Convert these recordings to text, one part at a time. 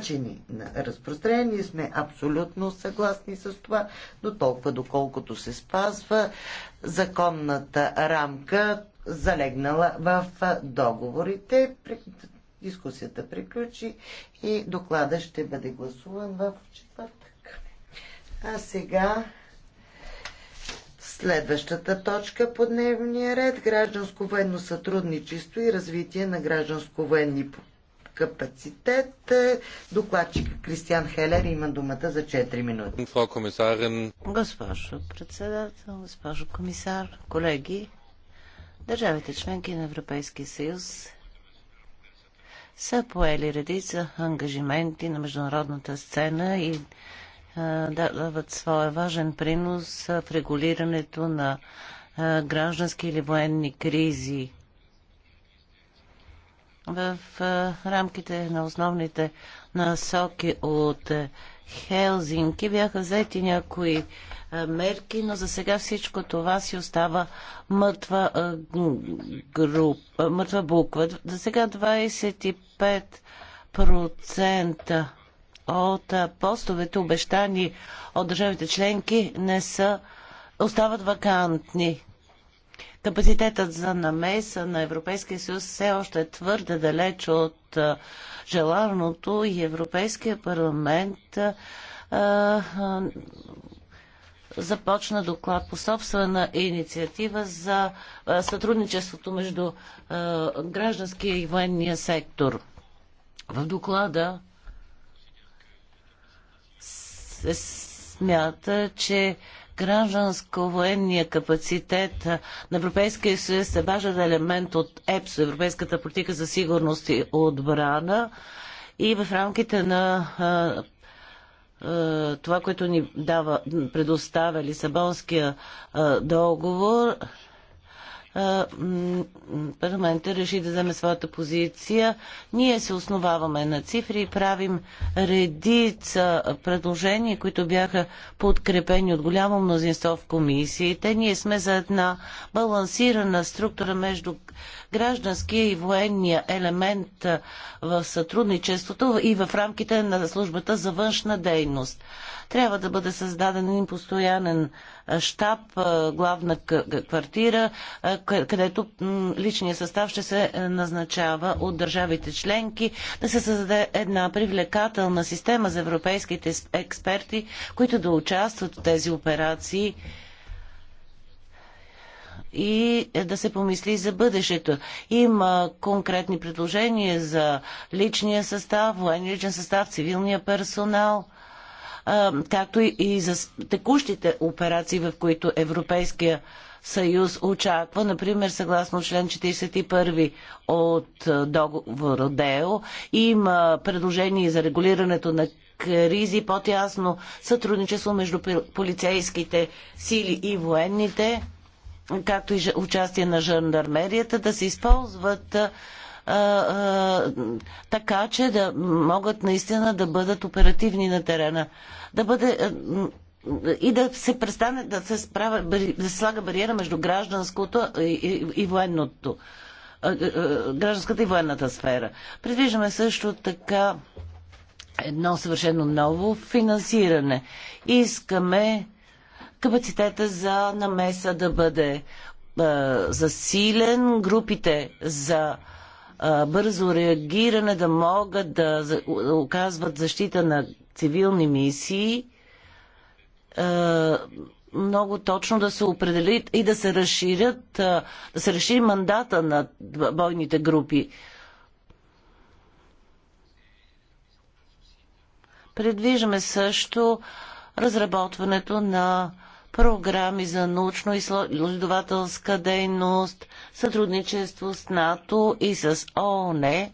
начини на разпространение. Сме абсолютно съгласни с това, до толкова доколкото се спазва законната рамка, залегнала в договорите. Дискусията приключи и доклада ще бъде гласуван в четвъртък. А сега Следващата точка по дневния ред – гражданско-военно сътрудничество и развитие на гражданско-военни капацитет. Докладчика Кристиан Хелер има думата за 4 минути. Госпожо председател, госпожо комисар, колеги, държавите членки на Европейския съюз са поели редица ангажименти на международната сцена и дават своя важен принос в регулирането на граждански или военни кризи в рамките на основните насоки от Хелзинки бяха взети някои мерки, но за сега всичко това си остава мъртва, група, мъртва буква. За сега 25% от постовете, обещани от държавите членки, не са остават вакантни. Капацитетът за намеса на Европейския съюз все още е твърде далеч от желаното и Европейския парламент а, а, започна доклад по собствена инициатива за а, сътрудничеството между гражданския и военния сектор. В доклада се смята, че гражданско-военния капацитет на Европейския съюз е важен елемент от ЕПСО, Европейската политика за сигурност и отбрана. И в рамките на това, което ни дава, предоставя Лисабонския договор, парламента реши да вземе своята позиция. Ние се основаваме на цифри и правим редица предложения, които бяха подкрепени от голямо мнозинство в комисиите. Ние сме за една балансирана структура между гражданския и военния елемент в сътрудничеството и в рамките на службата за външна дейност. Трябва да бъде създаден един постоянен щаб, главна квартира, където личният състав ще се е, назначава от държавите членки, да се създаде една привлекателна система за европейските експерти, които да участват в тези операции и е, да се помисли за бъдещето. Има конкретни предложения за личния състав, военния личен състав, цивилния персонал е, – както и за текущите операции, в които Европейския съюз очаква, например, съгласно член 41 от е, договора ДЕО, има предложение за регулирането на кризи, по-тясно сътрудничество между полицейските сили и военните, както и участие на жандармерията, да се използват е, е, така, че да могат наистина да бъдат оперативни на терена. Да бъде и да се престане да се, справя, да се слага бариера между гражданското и, и, и военното гражданската и военната сфера. Предвиждаме също така едно съвършено ново финансиране. Искаме капацитета за намеса да бъде е, засилен, групите за е, бързо реагиране да могат да оказват защита на цивилни мисии – е, много точно да се определи и да се разширят, е, да се разшири мандата на бойните групи. Предвиждаме също разработването на програми за научно-изследователска дейност, сътрудничество с НАТО и с ООН,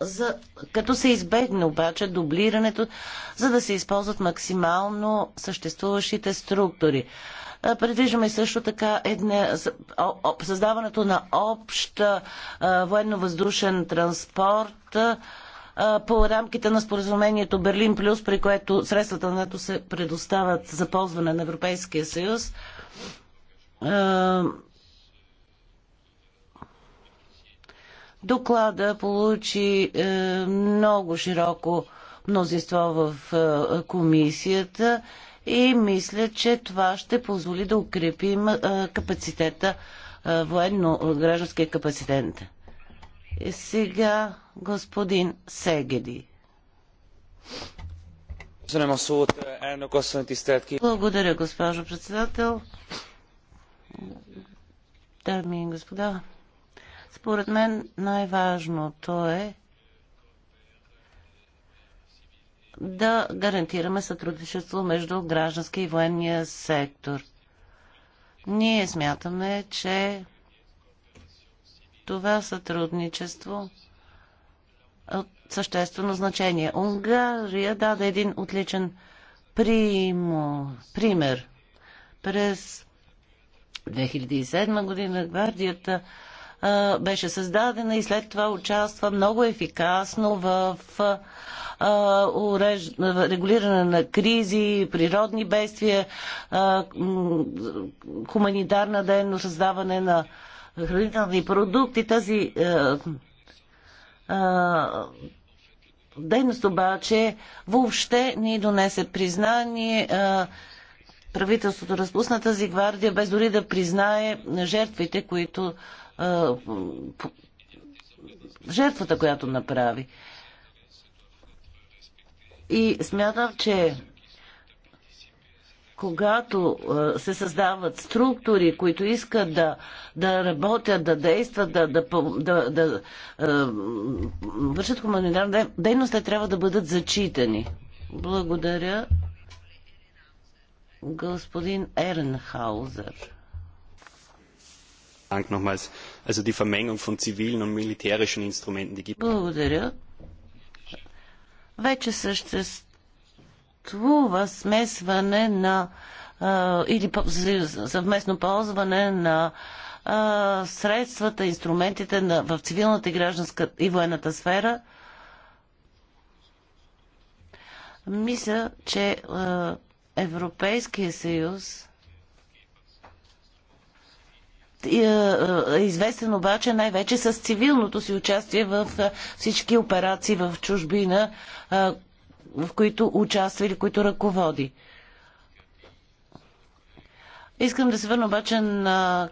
за, като се избегне обаче дублирането, за да се използват максимално съществуващите структури. Предвиждаме също така една, създаването на общ военно-въздушен транспорт а, по рамките на споразумението Берлин Плюс, при което средствата на НАТО се предоставят за ползване на Европейския съюз. А, Доклада получи е, много широко мнозинство в е, комисията и мисля, че това ще позволи да укрепим е, капацитета, е, военно-гражданския капацитет. И сега господин Сегеди. Благодаря, госпожо председател. Дами и господа, според мен най-важното е да гарантираме сътрудничество между гражданския и военния сектор. Ние смятаме, че това сътрудничество е от съществено значение. Унгария даде един отличен примо, пример. През 2007 година гвардията беше създадена и след това участва много ефикасно в регулиране на кризи, природни бедствия, хуманитарна дейност, създаване на хранителни продукти. Тази дейност обаче въобще ни донесе признание. правителството разпусна тази гвардия, без дори да признае жертвите, които а, по, жертвата, която направи. И смятам, че когато се създават структури, които искат да, да работят, да действат, да, да, да, да а, вършат хуманитарна дейност, те трябва да бъдат зачитани. Благодаря, господин Ернхаузер. Dank nochmals. Also die Vermengung von zivilen und militärischen Instrumenten, die gibt Благодаря. Вече съществува смесване на а, или съвместно ползване на а, средствата, инструментите на, в цивилната и гражданска и военната сфера. Мисля, че а, Европейския съюз е, е известен обаче най-вече с цивилното си участие в е, всички операции в чужбина, е, в които участва или които ръководи. Искам да се върна обаче на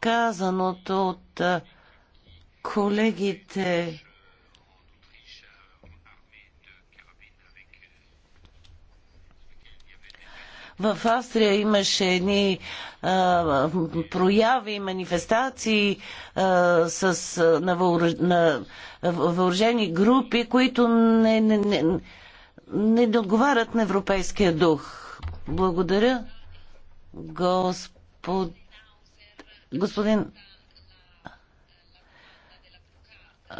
казаното от колегите В Австрия имаше едни а, прояви, манифестации а, с, а, на, на въоръжени групи, които не, не, не, не отговарят на европейския дух. Благодаря. Господ... Господин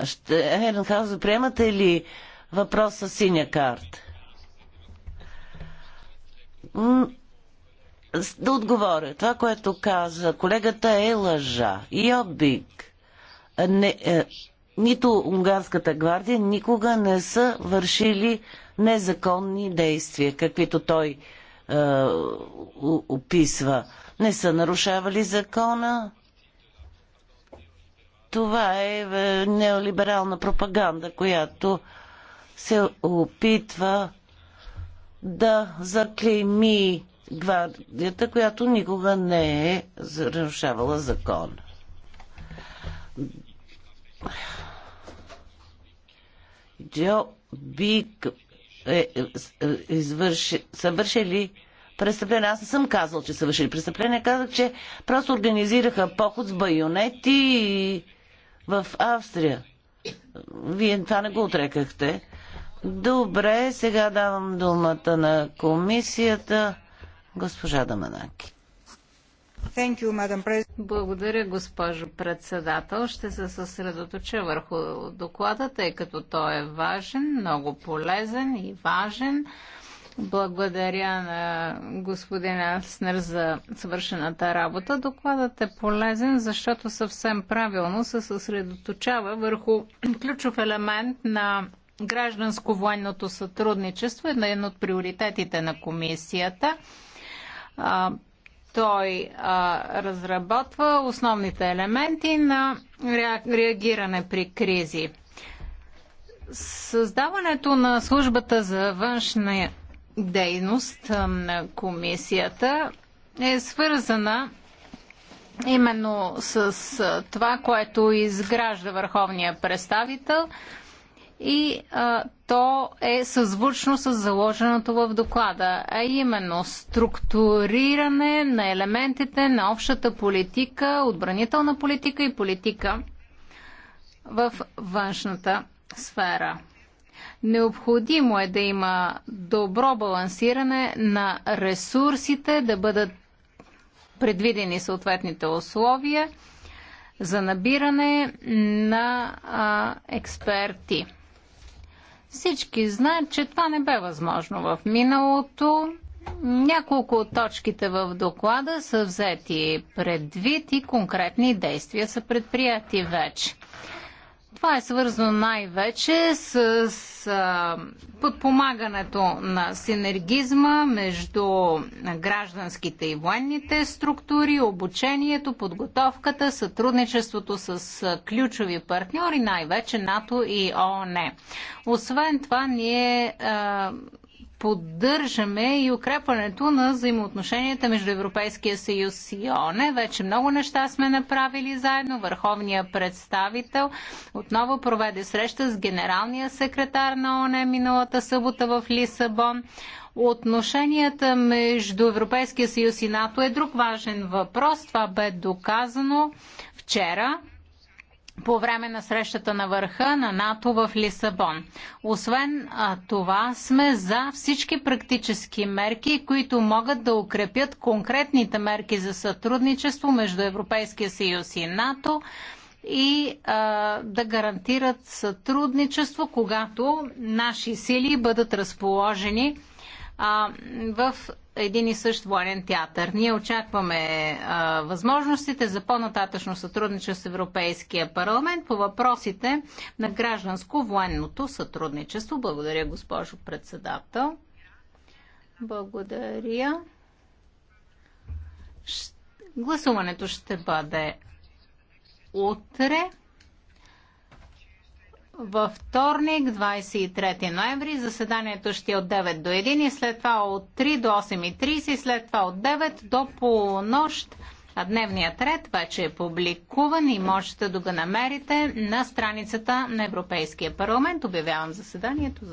ще, Еренхаузер, приемате ли въпрос с синя карта? да отговоря. Това, което каза колегата е лъжа. Йобик. Не, е, нито унгарската гвардия никога не са вършили незаконни действия, каквито той е, описва. Не са нарушавали закона. Това е, е неолиберална пропаганда, която се опитва да заклейми гвардията, която никога не е нарушавала закон. Джо Бик е, е, извърши, са вършили престъпление. Аз не съм казал, че са вършили престъпление. Казах, че просто организираха поход с байонети в Австрия. Вие това не го отрекахте. Добре, сега давам думата на комисията. Госпожа Даманаки. Благодаря, госпожо председател. Ще се съсредоточа върху доклада, тъй като той е важен, много полезен и важен. Благодаря на господин Аснер за свършената работа. Докладът е полезен, защото съвсем правилно се съсредоточава върху ключов елемент на Гражданско-военното сътрудничество е един от приоритетите на комисията. Той разработва основните елементи на реагиране при кризи. Създаването на службата за външна дейност на комисията е свързана именно с това, което изгражда върховния представител – и а, то е съзвучно с заложеното в доклада, а именно структуриране на елементите на общата политика, отбранителна политика и политика в външната сфера. Необходимо е да има добро балансиране на ресурсите, да бъдат предвидени съответните условия за набиране на а, експерти. Всички знаят, че това не бе възможно в миналото. Няколко от точките в доклада са взети предвид и конкретни действия са предприяти вече. Това е свързано най-вече с, с подпомагането на синергизма между гражданските и военните структури, обучението, подготовката, сътрудничеството с ключови партньори, най-вече НАТО и ООН. Освен това, ние а, поддържаме и укрепването на взаимоотношенията между Европейския съюз и ОНЕ. Вече много неща сме направили заедно. Върховния представител отново проведе среща с генералния секретар на ОНЕ миналата събота в Лисабон. Отношенията между Европейския съюз и НАТО е друг важен въпрос. Това бе доказано вчера по време на срещата на върха на НАТО в Лисабон. Освен а, това, сме за всички практически мерки, които могат да укрепят конкретните мерки за сътрудничество между Европейския съюз и НАТО и а, да гарантират сътрудничество, когато наши сили бъдат разположени а, в един и същ военен театър. Ние очакваме а, възможностите за по-нататъчно сътрудничество с Европейския парламент по въпросите на гражданско-военното сътрудничество. Благодаря, госпожо председател. Благодаря. Гласуването ще бъде утре. Във вторник, 23 ноември, заседанието ще е от 9 до 1 и след това от 3 до 8.30 и след това от 9 до полунощ. А дневният ред вече е публикуван и можете да го намерите на страницата на Европейския парламент. Обявявам заседанието.